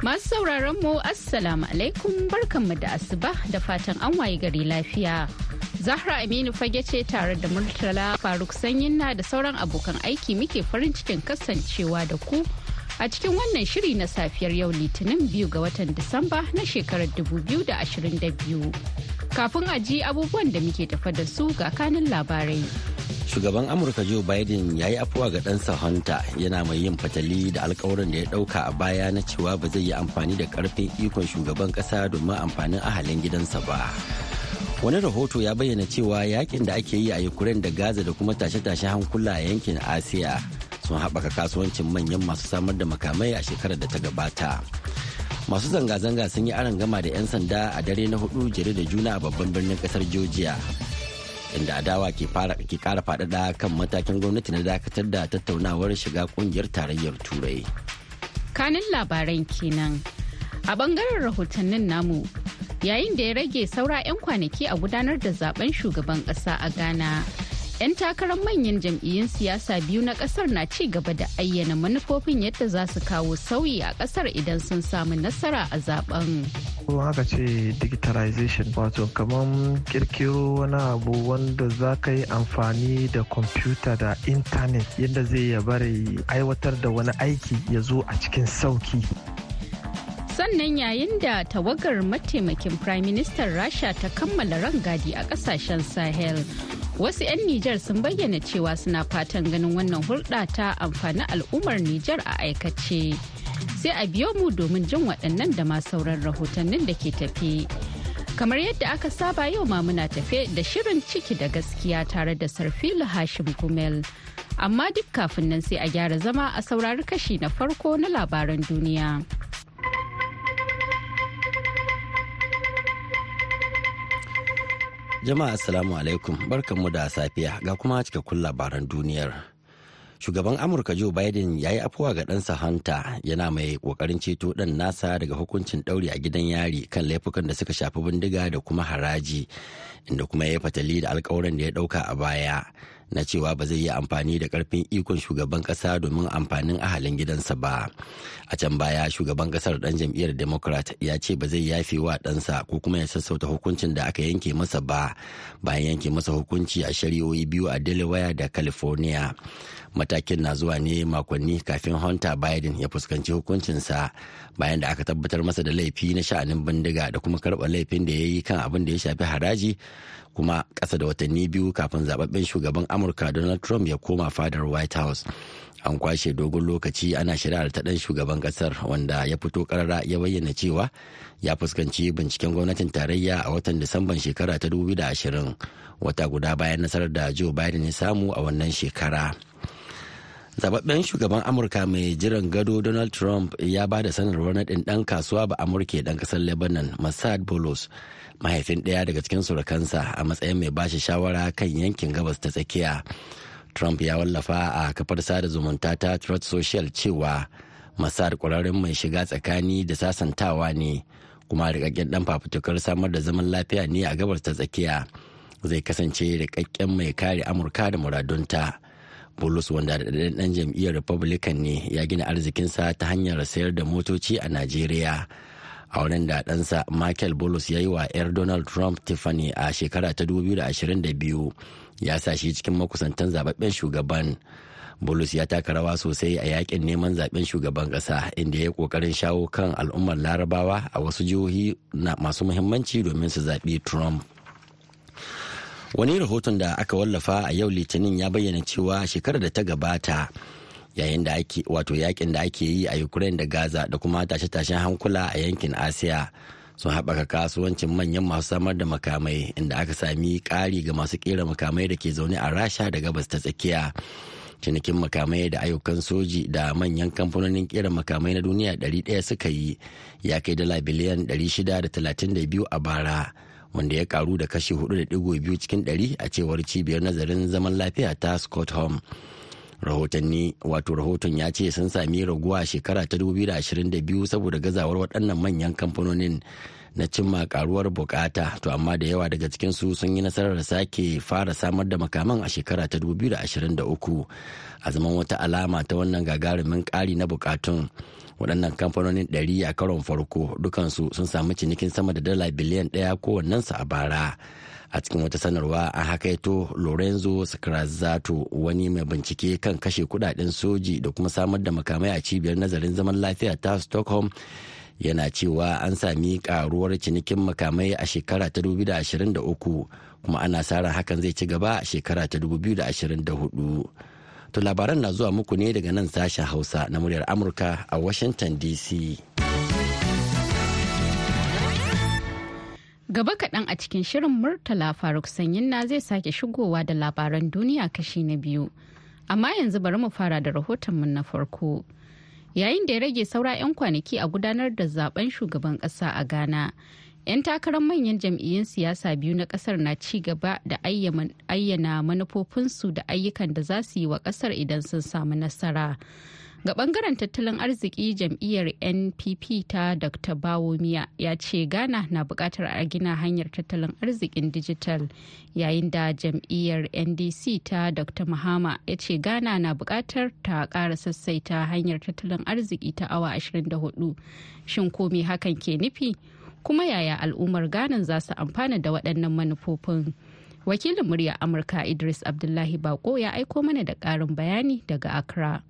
Masu sauraron mu Assalamu alaikum mu da asuba da fatan an waye gari lafiya. Zahra Aminu fage ce tare da Murtala Faruk na da sauran abokan aiki muke farin cikin kasancewa da ku a cikin wannan shiri na safiyar yau litinin biyu ga watan Disamba na shekarar 2022. Kafin a ji abubuwan da muke tafa da su ga kanin labarai. shugaban amurka joe biden ya yi afuwa ga ɗansa hunter yana mai yin fatali da alkawarin da ya ɗauka a baya na cewa ba zai yi amfani da ƙarfin ikon shugaban ƙasa domin amfanin ahalin gidansa ba wani rahoto ya bayyana cewa yakin da ake yi a ukraine da gaza da kuma tashe-tashe hankula a yankin asiya sun haɓaka kasuwancin manyan masu samar da makamai a shekarar da ta gabata masu zanga-zanga sun yi gama da 'yan sanda a dare na hudu jere da juna a babban birnin kasar georgia inda adawa ke kara faɗaɗa kan matakin gwamnati na dakatar da tattaunawar shiga kungiyar tarayyar turai kanin labaran kenan a bangaren rahotannin namu yayin da ya rage saura 'yan kwanaki a gudanar da zaben shugaban ƙasa a ghana 'yan takarar manyan jam'iyyun siyasa biyu na kasar na ci gaba da ayyana manufofin yadda za su kawo sauyi a kasar idan sun samu nasara a zaben. kuma haka ce digitalization wato kamar kirkiro wani abu wanda za ka yi amfani da kwamfuta da intanet yadda zai ya bari aiwatar da wani aiki ya zo a cikin sauki sannan yayin da tawagar mataimakin prime minister rasha ta kammala rangadi a kasashen sahel wasu 'yan Nijar sun bayyana cewa suna fatan ganin wannan hulɗa ta amfani al'ummar Nijar a aikace. Sai a biyo mu domin jin waɗannan da ma sauran rahotannin da ke tafi. Kamar yadda aka saba yau ma muna tafe da shirin ciki da gaskiya tare da Sarfilu Hashim Gumel. Amma duk kafin nan sai a gyara zama a saurari kashi na farko na labaran duniya. Jama'a Assalamu alaikum barkanmu da safiya ga kuma cikakkun labaran duniyar. Shugaban Amurka Joe Biden ya yi afuwa ga ɗansa Hunter yana mai ƙoƙarin ceto ɗan nasa daga hukuncin ɗauri a gidan yari kan laifukan da suka shafi bindiga da kuma haraji inda kuma ya yi fatali da alkawarin da ya ɗauka a baya na cewa ba zai yi amfani da karfin ikon shugaban kasa domin amfanin ahalin gidansa ba a can baya shugaban kasar dan jam'iyyar democrat ya ce ba zai yafe wa ɗansa ko kuma ya sassauta hukuncin da aka yanke masa ba bayan yanke masa hukunci a shari'o'i biyu a delaware da california matakin na zuwa ne makonni kafin hunter biden ya fuskanci hukuncinsa bayan da aka tabbatar masa da laifi na sha'anin bindiga da kuma karɓa laifin da ya yi kan abin da ya shafi haraji kuma ƙasa da watanni biyu kafin zaɓaɓɓen shugaban amurka donald trump ya koma fadar white house an kwashe dogon lokaci ana shirya ta ɗan shugaban ƙasar wanda ya fito ƙarara ya bayyana cewa ya fuskanci binciken gwamnatin tarayya a watan disamban shekara ta 2020 wata guda bayan nasarar da joe biden ya samu a wannan shekara. zababben shugaban amurka mai jiran gado donald trump ya ba da sanarwar naɗin ɗan kasuwa ba amurke ɗan ƙasar lebanon masad bolos mahaifin ɗaya daga cikin surukansa a matsayin mai bashi shawara kan yankin gabas ta tsakiya trump ya wallafa a kafar sada zumunta ta truth social cewa masad ƙwararren mai shiga tsakani da sasantawa ne kuma rikakken ɗan fafutukar samar da zaman lafiya ne a gabas ta tsakiya zai kasance rikakken mai kare amurka da muradunta. Bulus wanda dan jam'iyyar Republican ne ya gina arzikinsa ta hanyar sayar da motoci a Najeriya. A wurin da ɗansa Michael Bulus ya yi wa 'yar Donald Trump Tiffany a shekara ta 2022 ya sa shi cikin makusantan zababben shugaban. Bulus ya taka rawa sosai a yakin neman zaben shugaban ƙasa inda ya yi ƙoƙarin shawo kan al'ummar larabawa a wasu jihohi na masu muhimmanci domin su zaɓi Trump. wani rahoton da aka wallafa a yau litinin ya bayyana cewa shekarar da ta gabata yayin da ake wato yakin da ake yi a ukraine da gaza da kuma tashe-tashen hankula a yankin asiya sun haɓaka kasuwancin manyan masu samar da makamai inda aka sami ƙari ga masu ƙera makamai da ke zaune a rasha da gabas ta tsakiya cinikin makamai da ayyukan soji da manyan kamfanonin ƙera makamai na duniya 100 suka yi ya kai dala biliyan 632 a bara wanda ya karu da kashi 4.2 cikin 100 a cewar cibiyar nazarin zaman lafiya ta scott home rahotanni wato rahoton ya ce sun sami raguwa shekara ta 2022 saboda gazawar waɗannan manyan kamfanonin na cimma karuwar bukata to amma da yawa daga cikinsu sun yi nasarar sake fara samar da makaman a shekara ta 2023 a zaman wata alama ta wannan gagarumin kari na bukatun waɗannan kamfanonin ɗari a karon farko dukansu sun samu cinikin sama da dala biliyan ɗaya kowannensu a bara a cikin wata sanarwa an hakaito lorenzo scrazzato wani mai bincike kan kashe kudaden soji da kuma samar da makamai a cibiyar nazarin zaman lafiya ta stockholm yana cewa an sami karuwar cinikin makamai a shekara ta 2023 kuma ana sa hakan zai ci gaba a shekara ta 2024 To labaran na zuwa muku ne daga nan sashen Hausa na muryar Amurka a Washington DC. Gaba kaɗan a cikin shirin Murtala Faruk Sanyin na zai sake shigowa da labaran duniya kashi na biyu. Amma yanzu bari mu fara da rahotonmu na farko. Yayin da ya rage saura 'yan kwanaki a gudanar da zaben shugaban ƙasa a Ghana, 'yan takarar manyan jam'iyyun siyasa biyu na kasar na ci gaba da ayyana manufofinsu da ayyukan da za su yi wa kasar idan sun samu nasara ga bangaren tattalin arziki jam'iyyar npp ta dr bawomiya ya ce ghana na bukatar a gina hanyar tattalin arzikin digital yayin da jam'iyyar ndc ta dr mahama ya ce ghana na bukatar ta kara sassaita hanyar tattalin arziki ta awa 24 shin ko hakan ke nufi kuma yaya al'ummar Ghana za su amfana da waɗannan manufofin. Wakilin murya Amurka Idris Abdullahi Bako ya aiko mana da ƙarin bayani daga Accra.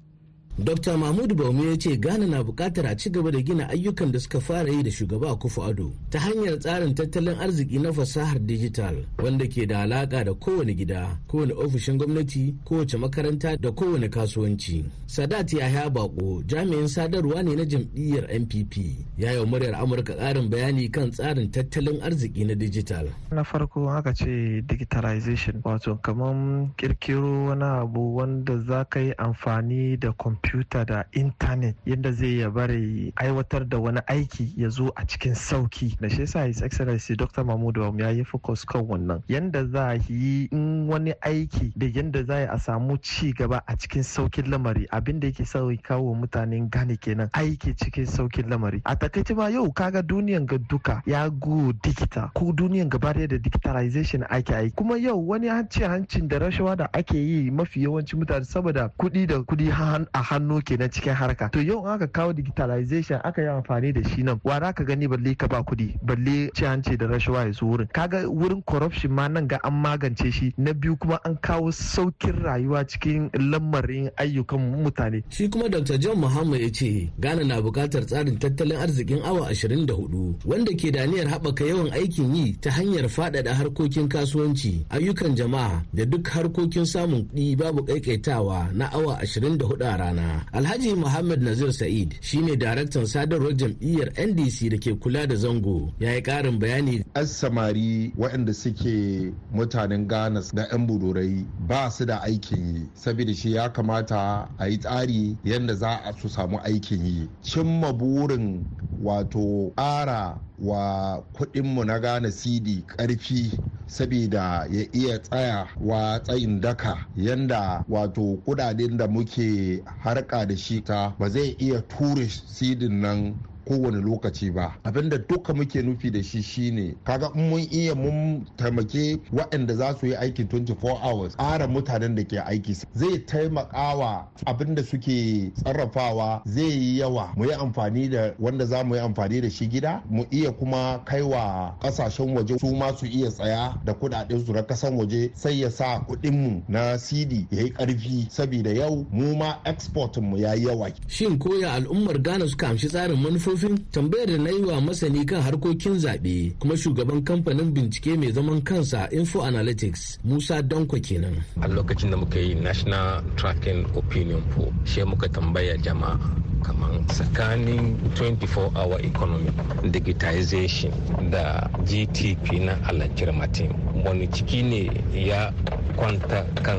Dr. Mahmud Baume ya ce Ghana na bukatar a ci gaba da gina ayyukan da suka fara yi da shugaba a kufu Ado ta hanyar tsarin tattalin arziki na fasahar digital wanda ke da alaka da kowane gida, kowane ofishin gwamnati, kowace makaranta da kowane kasuwanci. Sadat Yahya Bako jami'in sadarwa ne na jam'iyyar NPP ya yi muryar Amurka ƙarin bayani kan tsarin tattalin arziki na digital. Na farko aka ce digitalization wato kamar kirkiro wani abu wanda za ka yi amfani da kwamfuta kwamfuta da intanet yadda zai ya bari aiwatar da wani aiki ya zo a cikin sauki da shi yasa his excellency dr mahmudu ya yi focus kan wannan yadda za a yi in wani aiki da yadda za a samu ci gaba a cikin saukin lamari abin da yake sauki kawo mutanen gane kenan aiki cikin saukin lamari a takaice ma yau kaga duniyan ga duka ya go digita ko duniyan gaba da digitalization ake aiki kuma yau wani hanci hancin da rashawa da ake yi mafi yawancin mutane saboda kuɗi da kudi a hannu ke na cikin harka to yau aka kawo digitalization aka yi amfani da shi nan wa ka gani balle ka ba kuɗi balle ci hanci da rashawa ya zo wurin kaga wurin corruption ma nan ga an magance shi na biyu kuma an kawo saukin rayuwa cikin lamarin ayyukan mutane shi kuma dr john muhammad ya ce ghana na bukatar tsarin tattalin arzikin awa 24 wanda ke da niyyar haɓaka yawan aikin yi ta hanyar faɗaɗa harkokin kasuwanci ayyukan jama'a da duk harkokin samun kuɗi babu ƙaiƙaitawa na awa 24 a rana rana alhaji muhammad nazir sa'id shine daraktan sadarwar jam'iyyar ndc da ke kula da zango ya yi karin bayani as samari waɗanda suke mutanen ghana da 'yan budurai ba su da aikin yi saboda shi ya kamata a yi tsari yadda za a su samu aikin yi cimma burin wato ƙara wa kuɗinmu na gane cd ƙarfi saboda ya iya tsaya wa tsayin daka yanda wato kudaden da muke harka da shi ta ba zai iya ture sidin nan kowane lokaci ba abinda duka muke nufi da shi shine kaga in mun iya mun taimake waɗanda za su yi aiki 24 hours ƙara mutanen da ke aiki zai taimakawa abinda suke sarrafawa zai yi yawa mu yi amfani da wanda za mu yi amfani da shi gida mu iya kuma kaiwa kasashen waje su ma su iya tsaya da kudaden su na kasan waje sai ya sa kudin mu na cd ya yi karfi saboda yau mu ma export mu ya yi yawa shin koya al'ummar Ghana suka amshi tsarin manufofi manufofin tambayar da na yi wa masani kan harkokin zaɓe kuma shugaban kamfanin bincike mai zaman kansa info analytics musa danko kenan a lokacin da muka yi national tracking opinion poll shi muka tambaya jama'a kamar tsakanin 24 hour economy digitization da gtp na alakir martin wani ciki ne ya kwanta kan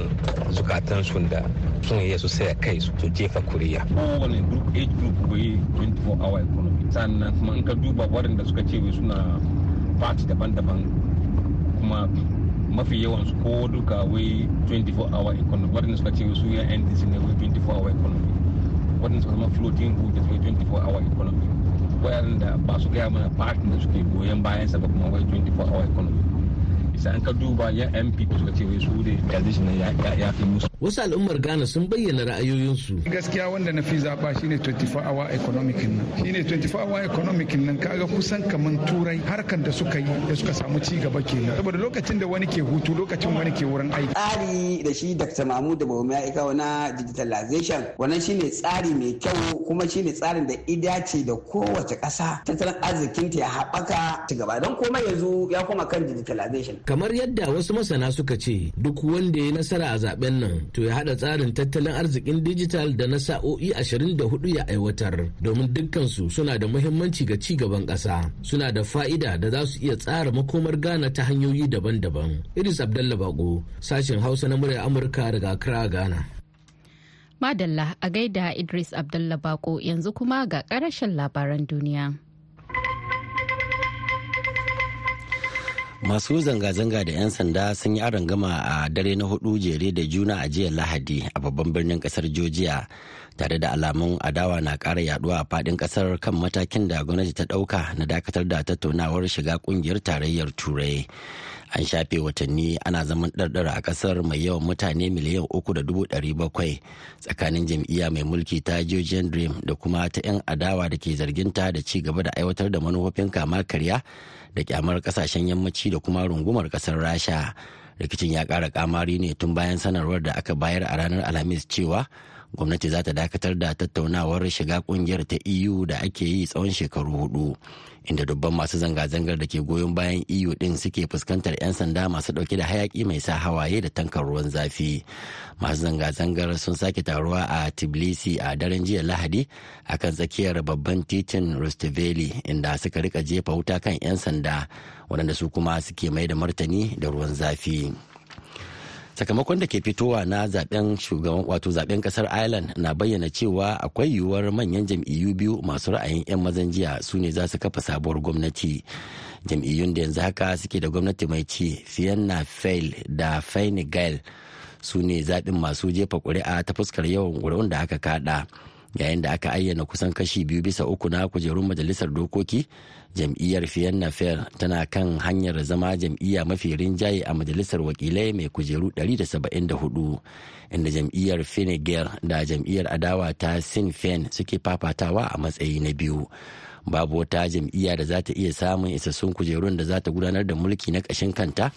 zukatansu da sun iya su saya kai su jefa kuriya kowane group age group bai 24 hour economy sannan kuma in ka duba da suka ce suna party daban-daban kuma mafi yawan su ko duka wai 24 hour economy da suka ce su ya ndc ne wai 24 hour economy waɗansu suka zama floating hujjas wai 24 hour economy waɗanda ba su gaya mana fatin da suke goyon bayan sa ba kuma wai 24 hour economy isa an ka duba yan mpp suka ce wai su da transition ya fi musu wasu al'ummar ghana sun bayyana ra'ayoyinsu gaskiya wanda na fi zaba shine 24 hour economic nan shine 24 hour economic nan kaga kusan kaman turai harkar da suka yi da suka samu ci gaba kenan saboda lokacin da wani ke hutu lokacin wani ke wurin aiki tsari da shi dr mahmud da bawa ya na digitalization wannan shine tsari mai kyau kuma shine tsarin da ce da kowace ƙasa tattalin arzikin ta ya haɓaka ta gaba don komai yanzu ya koma kan digitalization kamar yadda wasu masana suka ce duk wanda ya nasara a zaben nan to ya haɗa tsarin tattalin arzikin dijital da na sa'o'i 24 ya aiwatar domin dukkansu suna da muhimmanci ga ci gaban ƙasa suna da fa'ida da za su iya tsara makomar Ghana ta hanyoyi daban-daban. Idris Abdallah Bako, sashen Hausa na murya Amurka daga Accra, Ghana. Madalla a gaida Idris Abdallah Bako yanzu kuma ga ƙarashin labaran duniya. masu zanga-zanga da 'yan sanda sun yi gama a dare na hudu jere da juna a jiya lahadi a babban birnin kasar georgia tare da alamun adawa na kara yaduwa a fadin kasar kan matakin da gwamnati ta dauka na dakatar da tattaunawar shiga kungiyar tarayyar turai an shafe watanni ana zaman ɗarɗara a ƙasar mai yawan mutane miliyan uku da dubu ɗari bakwai tsakanin jam'iyya mai mulki ta georgian dream da kuma ta 'yan adawa da ke zarginta da ci gaba da aiwatar da manufofin kama karya da kyamar ƙasashen yammaci da kuma rungumar ƙasar rasha rikicin ya ƙara kamari ne tun bayan sanarwar da aka bayar a ranar alhamis cewa gwamnati za ta dakatar da tattaunawar shiga ƙungiyar ta eu da ake yi tsawon shekaru hudu inda dubban masu zanga-zangar da ke goyon bayan iyo e din suke fuskantar 'yan sanda masu dauke da hayaki mai sa hawaye da tankar ruwan zafi masu zanga-zangar sun sake taruwa a tbilisi a daren jiya lahadi a kan tsakiyar babban titin rustaveli inda suka rika jefa wuta kan 'yan sanda waɗanda su kuma suke mai da martani da ruwan zafi. sakamakon da ke fitowa na zaben shugaban wato zaben kasar ireland na bayyana cewa akwai yiwuwar manyan jam'iyyu biyu masu ra'ayin 'yan mazan jiya su ne za su kafa sabuwar gwamnati jam'iyyun da yanzu haka suke da gwamnati mai ci fienna fail da fine gael su ne zaɓin masu jefa ƙuri'a ta fuskar yawan ƙuri'un da aka kada yayin da aka ayyana kusan kashi biyu bisa uku na kujerun majalisar dokoki jam'iyyar fiyanna fair tana kan hanyar zama jam'iyya mafi rinjaye a majalisar wakilai mai kujeru 174 inda jam'iyyar finnegan da jam'iyyar adawa ta sin fen suke fafatawa a matsayi na biyu babu wata jam'iyya da za ta iya samun isassun kujerun da za ta gudanar da mulki na kashin kanta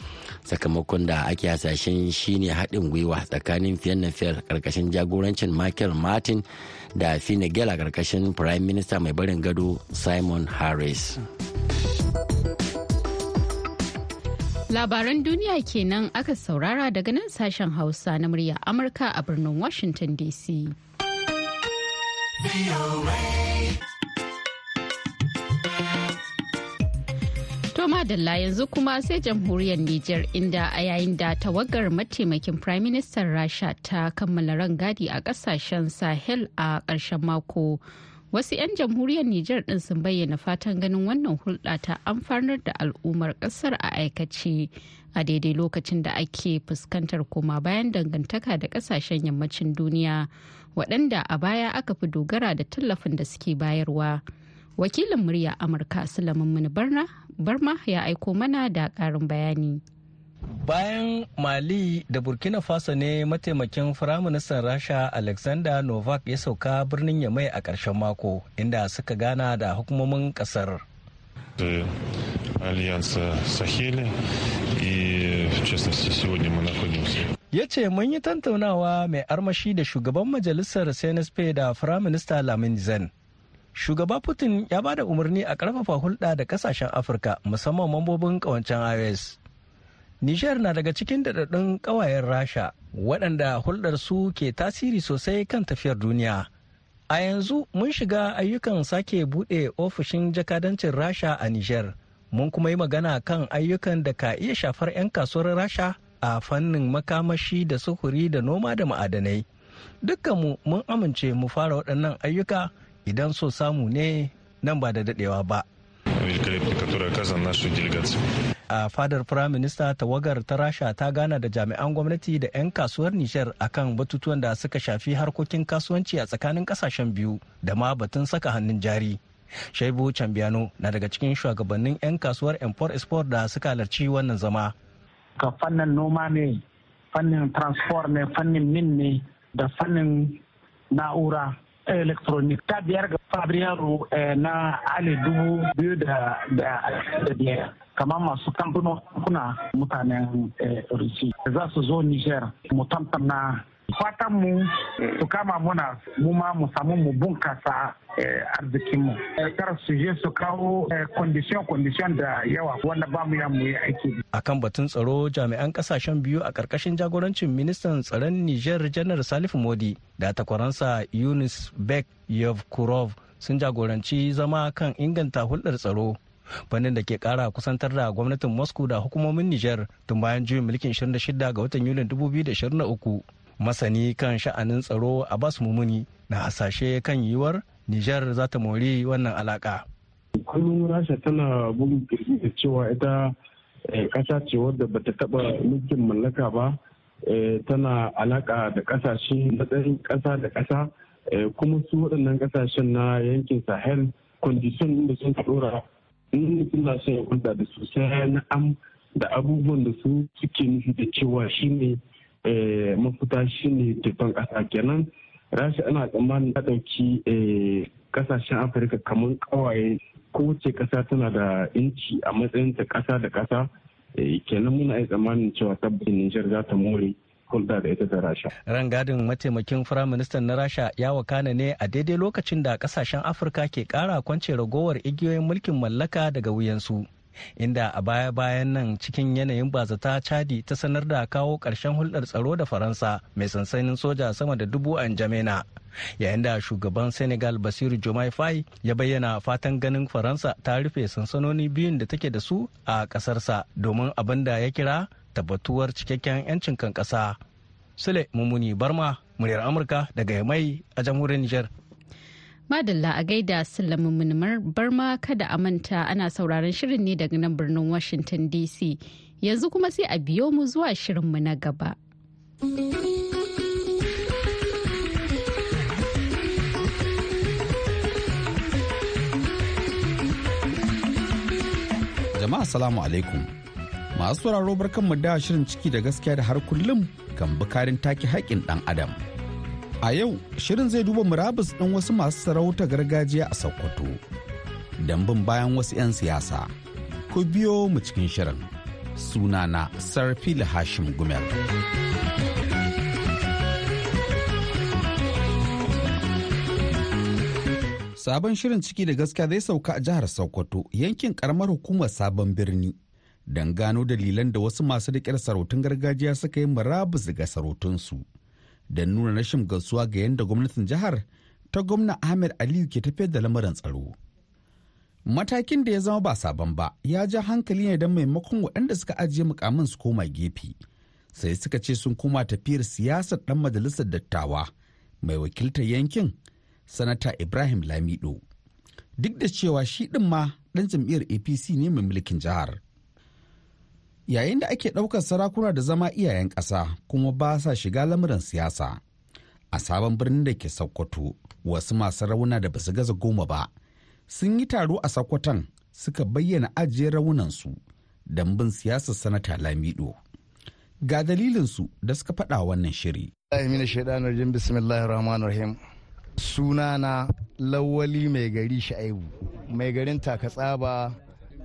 sakamakon da ake hasashen shine haɗin gwiwa tsakanin na fiyar ƙarƙashin jagorancin michael martin da fina gel a ƙarƙashin prime minister mai barin gado simon harris labaran duniya kenan aka saurara daga nan sashen hausa na murya amurka a birnin washington dc dalla yanzu kuma sai jamhuriyar Nijar inda a yayin da tawagar mataimakin Prime Minister Rasha ta kammala rangadi a kasashen Sahel a ƙarshen mako. Wasu 'yan jamhuriyar Nijar ɗin sun bayyana fatan ganin wannan hulɗa ta amfanar da al'ummar ƙasar a aikace a daidai lokacin da ake fuskantar koma bayan dangantaka da ƙasashen yammacin duniya waɗanda a baya aka fi dogara da tallafin da suke bayarwa. wakilin murya amurka sulamin barma ya aiko mana da karin bayani bayan mali da burkina faso ne mataimakin firaministan rasha alexander novak ya sauka birnin yamai a ƙarshen mako inda suka gana da hukumomin ƙasar uh, ya ce mun yi tantaunawa mai armashi da shugaban majalisar cnsp da firaminista lamin zen shugaba putin ya ba da umarni a karfafa hulɗa da kasashen afirka musamman mambobin kawancen ios niger na daga cikin daɗaɗɗun ƙawayen rasha waɗanda hulɗar su ke tasiri sosai kan tafiyar duniya a yanzu mun shiga ayyukan sake buɗe ofishin jakadancin rasha a niger mun kuma yi magana kan ayyukan da ka iya shafar 'yan kasuwar rasha a fannin makamashi da sufuri da noma da ma'adanai dukkanmu mun amince mu fara waɗannan ayyuka idan so samu ne nan ba da dadewa ba a fadar firaminista tawagar ta rasha ta gana da jami'an gwamnati da 'yan kasuwar nishar akan batutuwan da suka shafi harkokin kasuwanci a tsakanin kasashen biyu da ma batun saka hannun jari shaibu cambiano na daga cikin shugabannin 'yan kasuwar import export da suka halarci wannan zama ka fannin noma ne fannin transport ne fannin min ne da fannin na'ura electronic ta biyar ga fabriyaro eh, na ali dubu biyu da biyar kamar masu kamfanokuna mutanen eh, rusi za su zo niger mu tantana. fatan mu su mm. kama muna mu ma mu samu mu bunkasa eh, arzikin mu eh, kar su je su kawo eh, condition condition da yawa wanda ba mu mu yi aiki akan batun tsaro jami'an kasashen biyu a karkashin jagorancin ministan tsaron Niger janar Salif Modi da takwaransa Yunus Bek Yevkurov sun jagoranci zama kan inganta hulɗar tsaro fannin da ke kara kusantar da gwamnatin moscow da hukumomin niger tun bayan juyin mulkin 26 ga watan yulin 2023 masani kan sha'anin tsaro a bas mumuni na hasashe kan yiwuwar nijar za ta mori wannan alaka kullum rasha tana bugun kirki da cewa ita kasa eh, ce wadda bata taba mulkin mallaka ba eh, tana alaka da kasashe matsayin kasa da kasa eh, kuma su waɗannan kasashen na yankin sahel kwandishin inda sun tsora inda suna son ya da su sai na am da abubuwan da su suke nufi da cewa shine Eh, mafita shine tufan kasa kenan rasha ana tsammanin ta dauki kasashen eh, afirka kamar kawaye kowace kasa tana da inci a matsayin ta kasa da kasa eh, kenan muna yi tsammanin cewa tabbacin nijar za ta more hulɗa da ita da rasha rangadin mataimakin firaministan na rasha ya wakana ne a daidai lokacin da kasashen afirka ke kara kwance ragowar igiyoyin mulkin mallaka daga wuyansu inda a baya-bayan nan cikin yanayin bazata chadi ta sanar da kawo ƙarshen hulɗar tsaro da faransa mai sansanin soja sama da dubu an jamena yayin da shugaban senegal basiru jomai fai ya bayyana fatan ganin faransa ta rufe sansanoni biyun da take da su a ƙasarsa domin abin da ya kira tabbatuwar cikakken 'yancin kan ƙasa sule mummuni barma muryar amurka daga mai a jamhuriyar niger Madalla a gaida Sulaiman Barma kada a manta ana sauraron shirin ne daga nan birnin Washington DC. Yanzu kuma sai a biyo mu zuwa mu na gaba. Jama'a salamu alaikum. Masu sauraro barkanmu da shirin ciki da gaskiya da har kullum kan bukarin take haƙƙin ɗan adam. A yau, shirin zai duba murabus ɗin wasu masu sarauta gargajiya a Sokoto. Don bayan wasu 'yan siyasa, ku biyo mu cikin shirin. Suna Sunana Sarfil Hashim Gumel. Sabon shirin ciki da gaskiya zai sauka a jihar Sokoto, yankin karamar hukumar sabon birni. Don gano dalilan da wasu masu da sarautun gargajiya suka yi murabus daga sarautunsu. su. da nuna rashin gasuwa ga yadda gwamnatin jihar ta gwamna ahmed aliyu ke tafiyar da lamarin tsaro matakin da ya zama ba sabon ba ya ja hankali ne don maimakon waɗanda suka ajiye mukamin su koma gefe sai suka ce sun koma tafiyar siyasar ɗan majalisar dattawa mai wakiltar yankin sanata ibrahim lamido duk da cewa shi ɗin ma ɗan jam'iyyar apc ne mai mulkin jihar yayin da ake ɗaukar sarakuna da zama iyayen ƙasa kuma ba sa shiga lamuran siyasa a sabon birnin da ke sokoto wasu masu rauna da basu gaza goma ba sun yi taro a sokoton suka bayyana ajiye raunansu don bin siyasar sanata lamido ga dalilinsu da suka faɗa wannan shiri sunana lawali mai gari sha'ibu mai garin takatsaba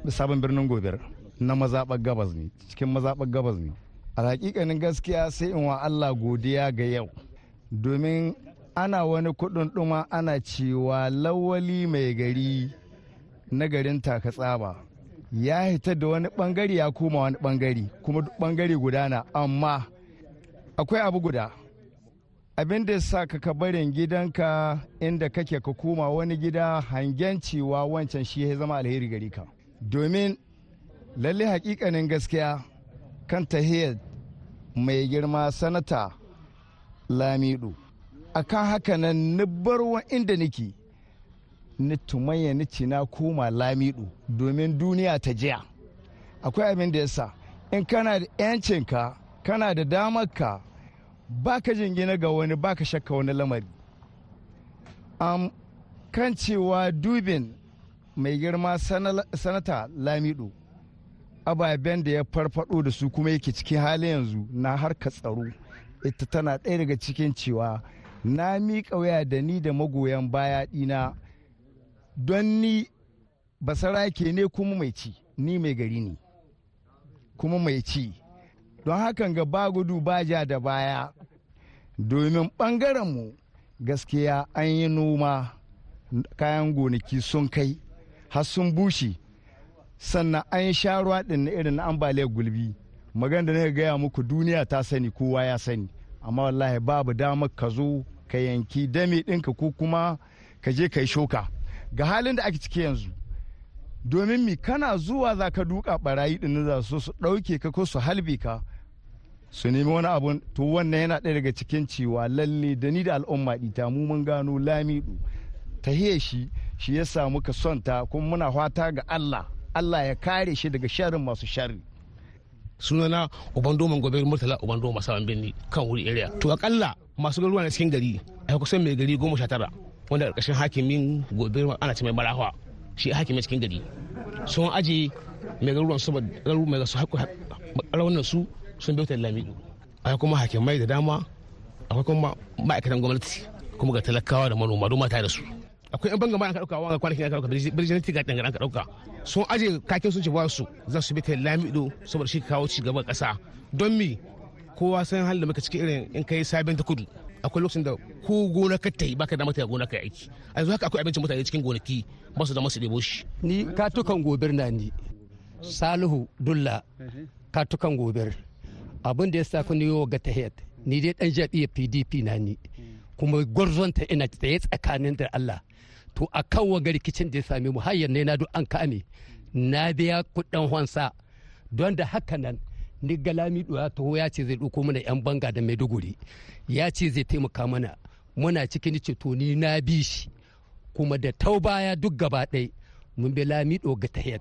da sabon birnin gobe. na mazaɓar gabas ne cikin mazaɓar gabas ne a hakikanin gaskiya sai in wa allah godiya ga yau domin ana wani kudin ɗuma ana cewa lawali mai gari na garin takatsaba ya hita da wani bangare ya koma wani bangare kuma bangare gudana amma akwai abu guda abin da sa ka ka gidanka inda kake ka koma wani gida hangen cewa wancan shi ya zama alheri gari ka domin lalle hakikanin gaskiya kan tahiyar mai girma sanata lamido akan haka nan ni barwa inda niki ni tumayya ni ci na koma lamidu domin duniya ta jiya akwai abin da yasa in kana da yancinka kana da damarka ba ka jingina ga wani ba ka shakka wani lamari um, kan cewa dubin mai girma sanata lamidu. ababen da ya farfado da su kuma yake ciki hali yanzu na harka tsaro ita tana ɗaya daga cikin cewa na miƙa waya da ni da magoyan baya ɗina don ni basarake ne kuma mai ci ni mai gari ne kuma mai ci don hakan ga ba gudu ba ja da baya domin mu gaskiya an yi noma kayan gonaki sun kai har sun bushe sannan an sha ruwa din na irin ambaliyar gulbi magana da na gaya muku duniya ta sani kowa ya sani amma wallahi babu dama ka zo ka yanki dame ɗinka ko kuma ka je ka yi shoka ga halin da ake ciki yanzu domin mi kana zuwa za ka duka barayi din za su su ɗauke ka ko su halbe ka su nemi wani abun to wannan yana ɗaya daga cikin cewa lalle da ni da al'umma ɗita mu mun gano lamidu ta shi shi ya samu ka son ta kuma muna fata ga allah Allah ya kare shi daga sharrin masu sharri sunana ubando domin gobe murtala domin masawan birni kan wuri area to akalla masu garuruwa na cikin gari a kusan mai gari goma sha tara wanda karkashin hakimin gobe ana ce mai barahwa shi hakimin cikin gari sun aje mai garuruwan su mai su raunin su sun bauta lami akwai kuma hakimai da dama akwai kuma ma'aikatan gwamnati kuma ga talakawa da manoma don da su akwai yan bangama aka dauka wanga kwanakin aka dauka birjin tiga dangar aka dauka sun aje kakin sun ci ba su za su bi kai lamido saboda shi kawo ci gaban kasa don mi kowa san halin da muka cikin irin in kai sabin ta kudu akwai lokacin da ko gona ka tai baka da mata gona kai aiki a yanzu haka akwai abincin mutane cikin gonaki ba su da masu debo shi ni katukan gobir na ni salihu dulla katukan gobir abin da ya sa ku ni yau ga tahiyat ni dai dan jabi pdp na ni kuma gwarzonta ina tsaye tsakanin da Allah to a kan waga rikicin da ya sami mu hayyar na duk an kame na biya kuɗin hansa don da haka nan ni galami ya taho ya ce zai ɗauko mana yan banga da maiduguri ya ce zai taimaka mana muna cikin ceto ni na bi shi kuma da tau baya duk gaba ɗai mun bi lami ga tahiyar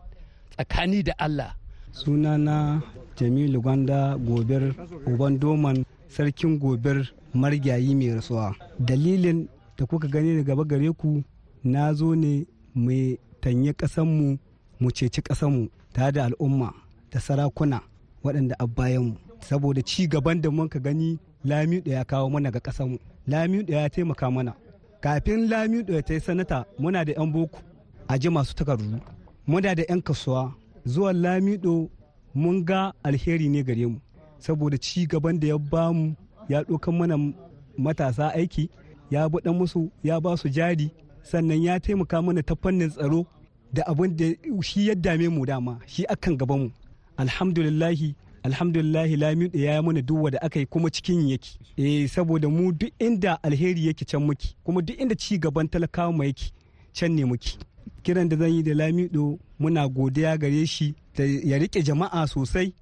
tsakani da allah sunana jamilu gwanda gobir uban doman sarkin gobir margayi mai rasuwa dalilin da kuka gani da gaba gare ku na zo ne mai tanye ƙasanmu mu ceci ƙasanmu ta da al'umma da sarakuna waɗanda abbayanmu saboda ci gaban da muka gani lamido ya kawo mana ga ƙasanmu lamido ya taimaka mana kafin lamido ya ta yi sanata muna da 'yan boko a ji masu takardu muna da 'yan kasuwa zuwa lamido mun ga alheri ne gare mu saboda ci gaban da ya bamu ya ɗaukan mana matasa aiki ya buɗan musu ya ba su jari sannan ya taimaka mana ta fannin tsaro da abin da shi ya dame mu dama shi akan gaban mu alhamdulillahi alhamdulillahi lamin da ya mana duk da aka yi kuma cikin yake eh saboda mu duk inda alheri yake can muke kuma duk inda ci gaban talakawa mu yake can ne muke kiran da zan yi da lamido muna godiya gare shi da ya rike jama'a sosai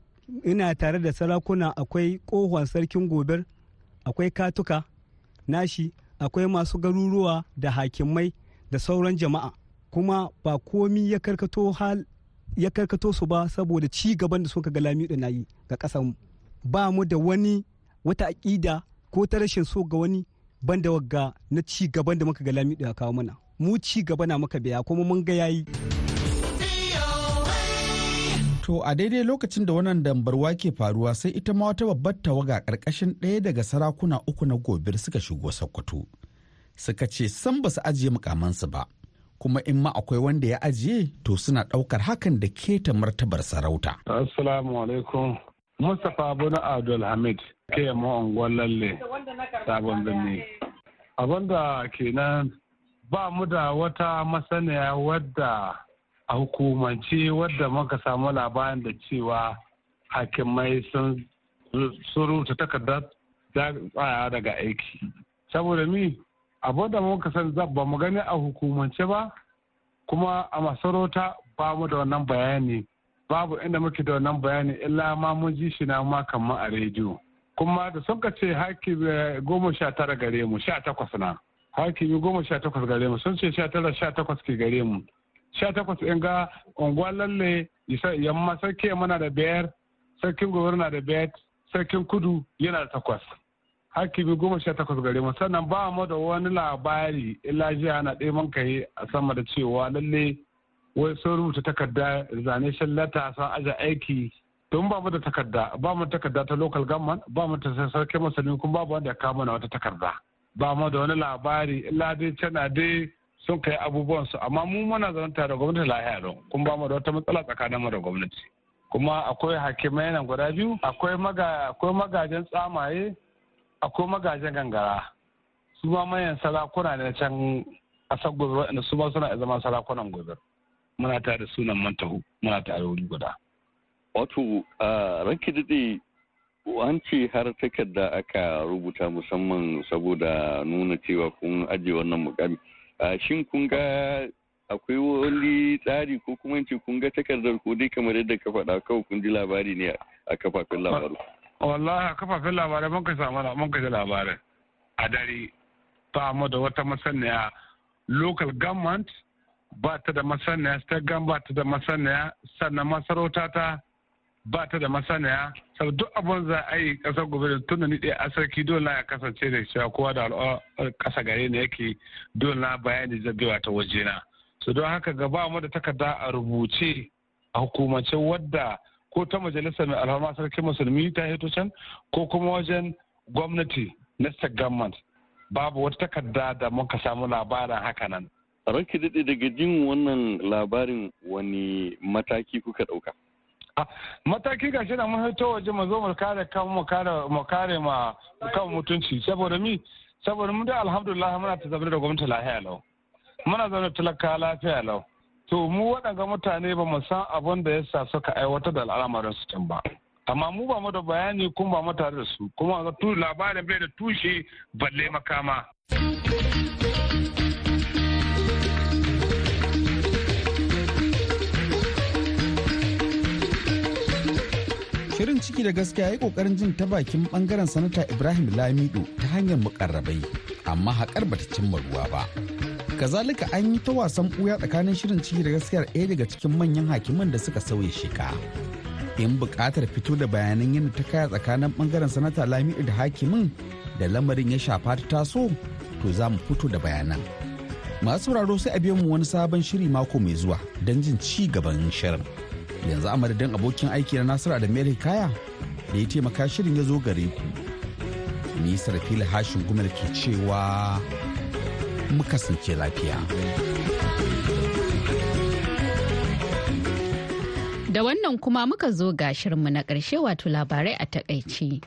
ina tare da sarakuna akwai kohon sarkin gobir akwai katuka nashi akwai masu garuruwa da hakimai da sauran jama'a kuma ba komi ya karkato hal ya karkato su ba saboda ci gaban da suka ga lamiɗo na yi ga mu ba mu da wani wata aƙida ko ta rashin so ga wani banda wagga na ci gaban da muka ga lamiɗo kawo mana mu ci gaba na muka biya kuma mun ga yayi. To a daidai lokacin da wannan dambarwa ke faruwa sai ita ma wata babbar tawaga ƙarƙashin ɗaya daga sarakuna uku na gobir suka shigo Sokoto. Suka ce san ba su ajiye mukamansu ba, kuma in ma akwai wanda ya ajiye to suna ɗaukar hakan da keta martabar sarauta. Assalamu alaikum. Mustapha na Abdulhamid Hamid ke yamma unguwar lalle sabon birni. Abinda kenan ba mu da wata masaniya wadda a hukumance wadda muka samu labarin da cewa hakimai sun surutu takardar tsaya daga aiki saboda mi abu da muka san ba mu gani a hukumance ba kuma a masarauta ba mu da wannan bayani babu inda muke da wannan bayani illa ma mun ji shi na ma kamar a rediyo kuma da sun ka ce haki eh, goma sha tara gare mu sha takwas na haki goma sha takwas gare mu sun ce sha tara sha takwas ke gare mu sha takwas in ga unguwar lalle yamma sarki yamma na da biyar sarkin gobe na da biyar sarkin kudu yana da takwas bi goma sha takwas gare mu sannan ba mu da wani labari illa jiya na ɗaya man kai a sama da cewa lalle wai sun rubuta takarda zane zanation a sun aje aiki don ba mu da takarda ba mu takarda ta local government ba mu ta sarki masanin kuma ba wanda ya kama na wata takarda ba mu da wani labari illa dai cana dai sun kai abubuwan su amma mu muna zaune tare da gwamnati lahiya don kun ba mu da wata matsala tsakanin mu da gwamnati kuma akwai hakimai nan guda biyu akwai maga akwai magajen tsamaye akwai magajen gangara su ma manyan sarakuna ne na can kasar gobe wanda su ma suna zama sarakunan gobe muna tare da sunan mantahu muna tare wuri guda wato ranki dade an ce har takarda aka rubuta musamman saboda nuna cewa kun ajiye wannan mukami shin kun ga akwai wani tsari ko kuma ce kun ga takardar ko dai kamar yadda ka faɗa kawai kun ji labari ne a kafafen labaru. Wallahi a kafafen labarai mun ka samu mun ka ji labarin a dare ta amma da wata masaniya local government ba ta da masaniya state government ba ta da masaniya sannan masarauta ta ba ta da masanaya sau duk abin za a yi kasar gobe da tun da a sarki dole ya kasance da cewa kowa da al'adar kasa gare ne yake dole na bayani zabewa ta wajena su don haka gaba mu da takarda a rubuce a hukumance wadda ko ta majalisar mai alhama Sarkin musulmi ta hito can ko kuma wajen gwamnati na government babu wata takarda da muka samu labarin hakanan. Ranki daɗe daga jin wannan labarin wani mataki kuka ɗauka? mataki ga shi da mun hito waje mu zo mu kare kan mu kare mu kare ma kan mutunci saboda mi saboda mun da alhamdulillah muna ta zabar da gwamnati lafiya lau muna zaune talaka lafiya lau to mu waɗanga mutane ba mu san abin da yasa suka aiwatar da al'amarin su can ba amma mu ba mu da bayani kuma ba mu tare da su kuma ga labarin bai da tushe balle makama. Shirin ciki da gaskiya ya kokarin jin ta bakin bangaren sanata Ibrahim Lamido ta hanyar mukarrabai amma haƙar bata cimma ruwa ba. Kazalika an yi ta wasan ɓuya tsakanin shirin ciki da gaskiya ɗaya daga cikin manyan hakiman da suka sauya shika In buƙatar fito da bayanan yadda ta kaya tsakanin bangaren sanata Lamido da hakimin da lamarin ya shafa ta taso to za mu fito da bayanan. Masu sauraro sai a biyo mu wani sabon shiri mako mai zuwa don jin ci gaban shirin. yanzu a abokin aiki na nasiru mere kaya da ya taimaka shirin ya zo gare ku ni sarfila hashin gumar ke cewa muka kasance lafiya da wannan kuma muka zo ga shirinmu na ƙarshe wato labarai a takaici.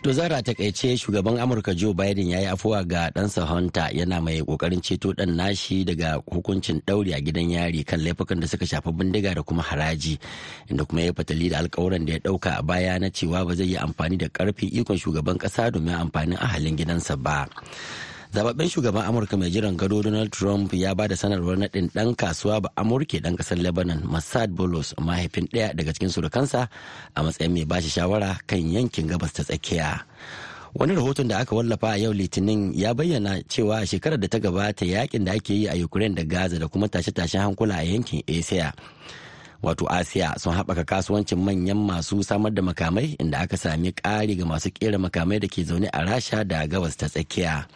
To zara takaice shugaban Amurka Joe Biden ya yi afuwa ga ɗansa Hunter yana mai kokarin ceto ɗan nashi daga hukuncin ɗauri a gidan yari kan laifukan da suka shafi bindiga da kuma haraji inda kuma ya fatali da alkawuran da ya ɗauka a baya na cewa ba zai yi amfani da ƙarfin ikon shugaban ƙasa domin amfanin ahalin gidansa ba. zababben shugaban amurka mai jiran gado donald trump ya ba da sanarwar naɗin ɗan kasuwa ba amurke dan ƙasar lebanon massad bolos mahaifin ɗaya daga cikin surukansa a matsayin mai bashi shawara kan yankin gabas ta tsakiya wani rahoton da aka wallafa a yau litinin ya bayyana cewa shekarar da ta gabata yakin da ake yi a ukraine da gaza da kuma tashe-tashen hankula a yankin asia wato asiya sun haɓaka kasuwancin manyan masu samar da makamai inda aka sami ƙari ga masu ƙera makamai da ke zaune a rasha da gabas ta tsakiya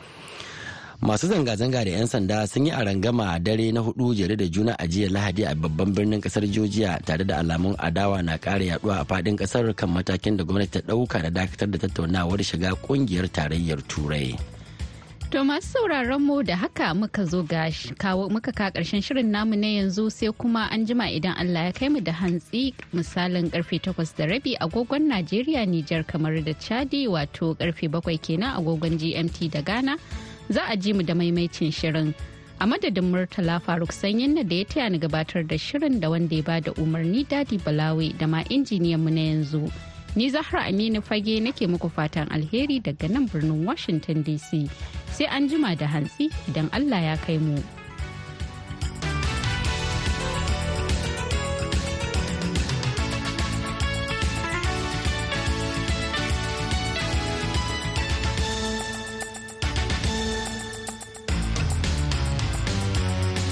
masu zanga-zanga da 'yan sanda sun yi arangama a dare na hudu jere da juna a jiya lahadi a babban birnin kasar georgia tare da alamun adawa na kara yaduwa a fadin kasar kan matakin da gwamnati ta dauka da dakatar da tattaunawar shiga kungiyar tarayyar turai To masu sauraron mu da haka muka zo ga kawo muka ka karshen shirin namu na yanzu sai kuma an jima idan Allah ya kai mu da hantsi misalin karfe 8 da rabi agogon Najeriya Nijar kamar da Chadi wato karfe 7 kenan agogon GMT da Ghana. za a ji mu da maimaicin shirin. A madadin Murtala Faruk Sanyin na da ya taya ni gabatar da shirin da wanda ya ba da umarni Dadi Balawe da ma injiniyan mu na yanzu. Ni Zahra Aminu Fage nake muku fatan alheri daga nan birnin Washington DC. Sai an jima da hantsi idan Allah ya kai mu.